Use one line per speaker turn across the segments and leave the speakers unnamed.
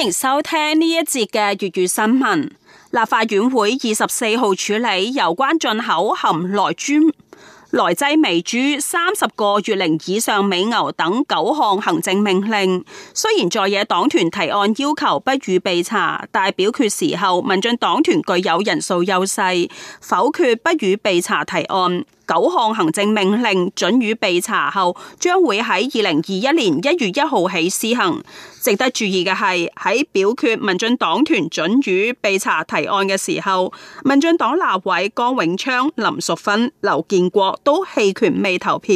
歡迎收聽呢一節嘅粵語新聞。立法院會二十四號處理有關進口含萊豬、萊劑美豬、三十個月齡以上美牛等九項行政命令。雖然在野黨團提案要求不予備查，但係表決時候民進黨團具有人數優勢，否決不予備查提案。九項行政命令准予備查後，將會喺二零二一年一月一號起施行。值得注意嘅係，喺表決民進黨團准予備查提案嘅時候，民進黨立委江永昌、林淑芬、劉建國都棄權未投票。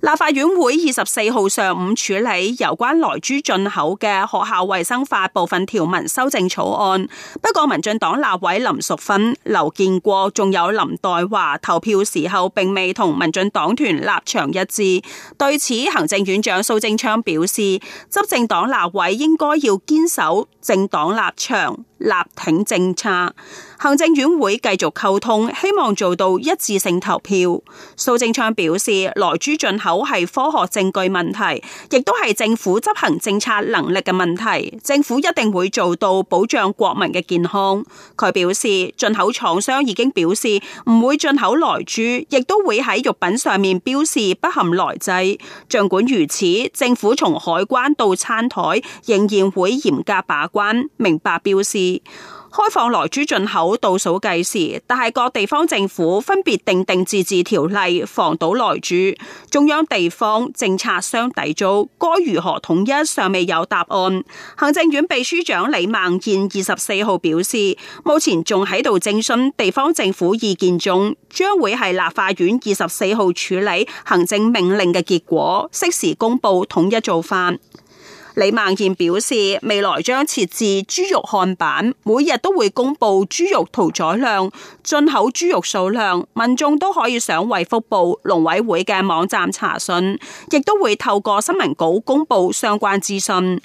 立法院會二十四號上午處理有關萊豬進口嘅學校衛生法部分條文修正草案，不過民進黨立委林淑芬、劉建國仲有林黛華投票時候，並未同民進黨團立場一致。對此，行政院長蘇貞昌表示，執政黨立委應該要堅守政黨立場、力挺政策。行政院會繼續溝通，希望做到一致性投票。蘇貞昌表示，萊豬進口。口係科學證據問題，亦都係政府執行政策能力嘅問題。政府一定會做到保障國民嘅健康。佢表示，進口廠商已經表示唔會進口萊豬，亦都會喺肉品上面標示不含萊劑。儘管如此，政府從海關到餐台仍然會嚴格把關，明白標示。開放萊豬進口倒數計時，但係各地方政府分別訂定，定自治條例防堵萊豬。中央地方政策相抵觸，該如何統一尚未有答案。行政院秘書長李孟健二十四號表示，目前仲喺度徵詢地方政府意見中，將會係立法院二十四號處理行政命令嘅結果，適時公布統一做法。李孟賢表示，未來將設置豬肉看板，每日都會公布豬肉屠宰量、進口豬肉數量，民眾都可以上衛福部農委會嘅網站查詢，亦都會透過新聞稿公布相關資訊。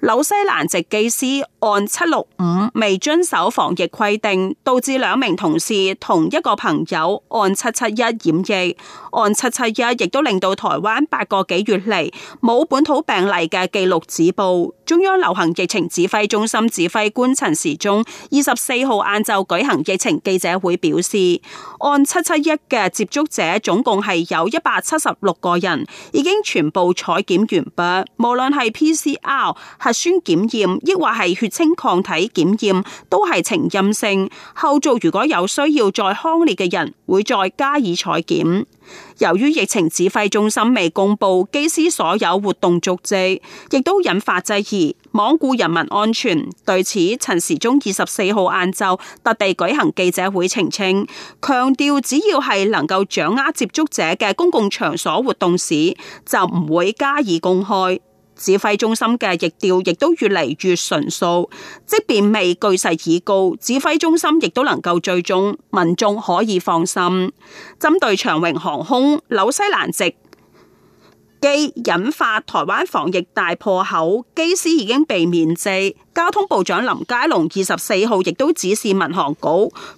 紐西蘭籍機師案七六五未遵守防疫規定，導致兩名同事同一個朋友案七七一染疫，案七七一亦都令到台灣八個幾月嚟冇本土病例嘅記錄止步。中央流行疫情指揮中心指揮官陳時中二十四號晏晝舉行疫情記者會，表示案七七一嘅接觸者總共係有一百七十六個人，已經全部採檢完畢，無論係 PCR。核酸檢驗抑或係血清抗體檢驗都係呈陰性，後續如果有需要再匡列嘅人會再加以採檢。由於疫情指揮中心未公布機師所有活動足跡，亦都引發質疑，罔顧人民安全。對此，陳時中二十四號晏晝特地舉行記者會澄清，強調只要係能夠掌握接觸者嘅公共場所活動史，就唔會加以公開。指揮中心嘅疫調亦都越嚟越純熟，即便未具細已高，指揮中心亦都能夠追蹤，民眾可以放心。針對長榮航空紐西蘭籍機引發台灣防疫大破口，機師已經被免職，交通部長林佳龍二十四號亦都指示民航局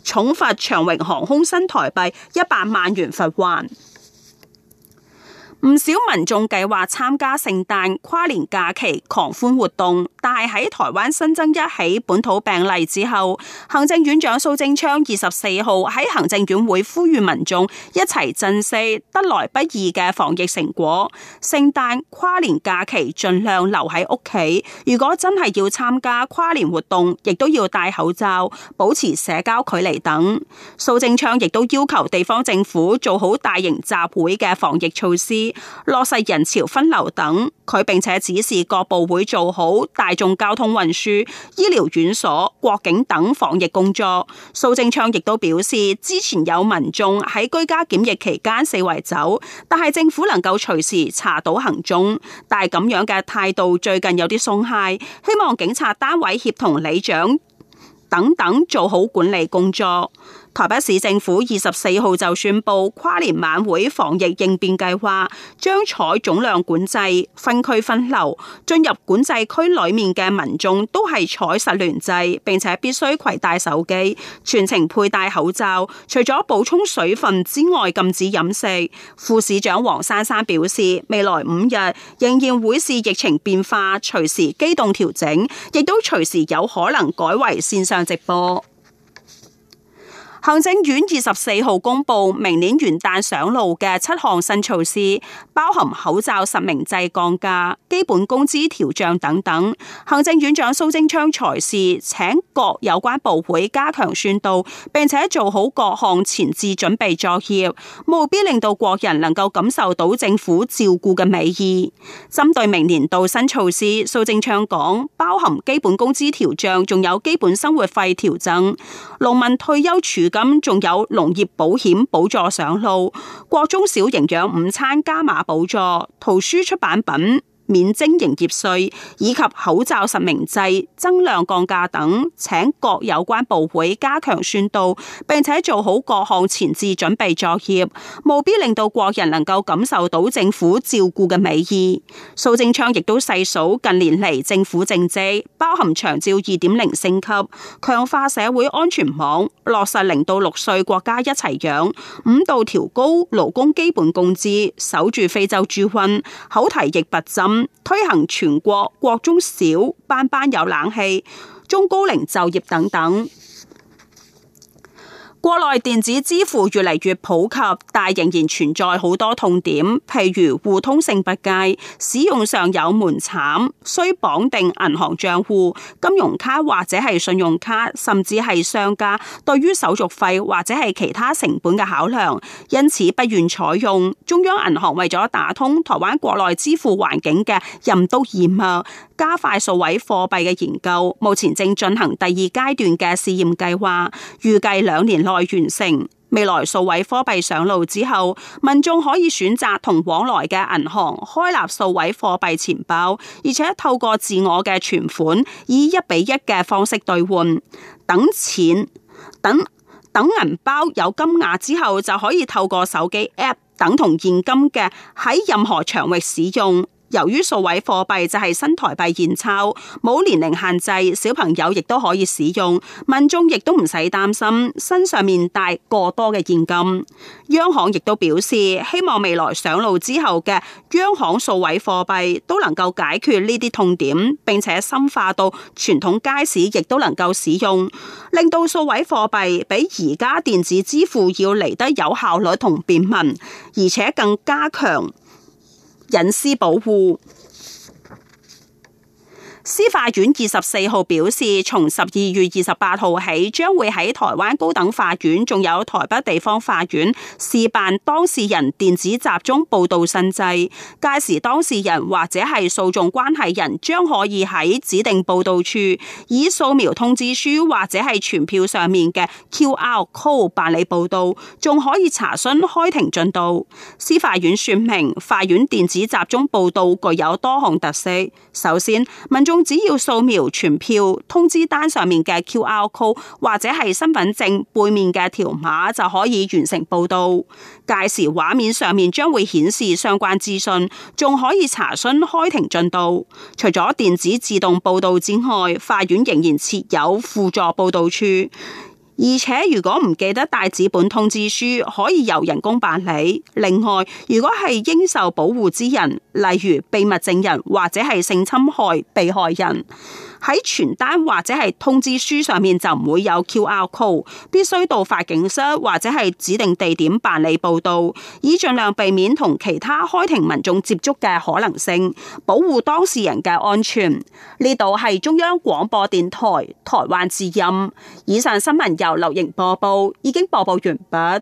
重罰長榮航空新台幣一百萬元罰鍰。唔少民眾計劃參加聖誕跨年假期狂歡活動，但係喺台灣新增一起本土病例之後，行政院長蘇貞昌二十四號喺行政院會呼籲民眾一齊珍惜得來不易嘅防疫成果，聖誕跨年假期盡量留喺屋企，如果真係要參加跨年活動，亦都要戴口罩、保持社交距離等。蘇貞昌亦都要求地方政府做好大型集會嘅防疫措施。落實人潮分流等，佢並且指示各部會做好大眾交通運輸、醫療院所、國境等防疫工作。蘇貞昌亦都表示，之前有民眾喺居家檢疫期間四圍走，但係政府能夠隨時查到行蹤，但係咁樣嘅態度最近有啲鬆懈，希望警察單位協同里長等等做好管理工作。台北市政府二十四號就宣布跨年晚會防疫應變計劃，將採總量管制、分區分流。進入管制區裏面嘅民眾都係採實聯制，並且必須攜帶手機，全程佩戴口罩。除咗補充水分之外，禁止飲食。副市長黃珊珊表示，未來五日仍然會視疫情變化，隨時機動調整，亦都隨時有可能改為線上直播。行政院二十四號公布明年元旦上路嘅七項新措施，包含口罩實名制降價、基本工資調漲等等。行政院長蘇貞昌裁示請各有關部會加強宣導，並且做好各項前置準備作業，務必令到國人能夠感受到政府照顧嘅美意。針對明年度新措施，蘇貞昌講，包含基本工資調漲，仲有基本生活費調整、農民退休儲。咁仲有農業保險補助上路，國中小營養午餐加碼補助，圖書出版品，免徵營業稅以及口罩實名制、增量降價等，請各有關部會加強宣導，並且做好各項前置準備作業，務必令到國人能夠感受到政府照顧嘅美意。蘇貞昌亦都細數近年嚟政府政績，包含長照二點零升級、強化社會安全網、落實零到六歲國家一齊養、五度調高勞工基本工資、守住非洲豬瘟、口蹄疫拔針。推行全國國中小班班有冷氣、中高齡就業等等。國內電子支付越嚟越普及，但仍然存在好多痛點，譬如互通性不佳、使用上有門檻、需綁定銀行賬戶、金融卡或者係信用卡，甚至係商家對於手續費或者係其他成本嘅考量，因此不願採用。中央銀行為咗打通台灣國內支付環境嘅任督二脈，加快數位貨幣嘅研究，目前正進行第二階段嘅試驗計劃，預計兩年內。待完成，未來數位貨幣上路之後，民眾可以選擇同往來嘅銀行開立數位貨幣錢包，而且透過自我嘅存款以一比一嘅方式兌換，等錢等等銀包有金額之後，就可以透過手機 App 等同現金嘅喺任何場域使用。由於數位貨幣就係新台幣現鈔，冇年齡限制，小朋友亦都可以使用，民眾亦都唔使擔心身上面帶過多嘅現金。央行亦都表示，希望未來上路之後嘅央行數位貨幣都能夠解決呢啲痛點，並且深化到傳統街市亦都能夠使用，令到數位貨幣比而家電子支付要嚟得有效率同便民，而且更加強隱私保護。司法院二十四號表示，從十二月二十八號起，將會喺台灣高等法院，仲有台北地方法院試辦當事人電子集中報到新制。屆時，當事人或者係訴訟關係人，將可以喺指定報到處以掃描通知書或者係傳票上面嘅 QR code 辦理報到，仲可以查詢開庭進度。司法院說明，法院電子集中報到具有多項特色，首先，民用只要掃描傳票通知單上面嘅 QR code 或者係身份證背面嘅條碼就可以完成報到，屆時畫面上面將會顯示相關資訊，仲可以查詢開庭進度。除咗電子自動報到之外，法院仍然設有輔助報到處。而且如果唔記得帶紙本通知書，可以由人工辦理。另外，如果係應受保護之人，例如秘密證人，或者係性侵害被害人，喺傳單或者係通知書上面就唔會有 QR Code，必須到法警室或者係指定地點辦理報到，以盡量避免同其他開庭民眾接觸嘅可能性，保護當事人嘅安全。呢度係中央廣播電台台灣之音，以上新聞由劉瑩播報，已經播報完畢。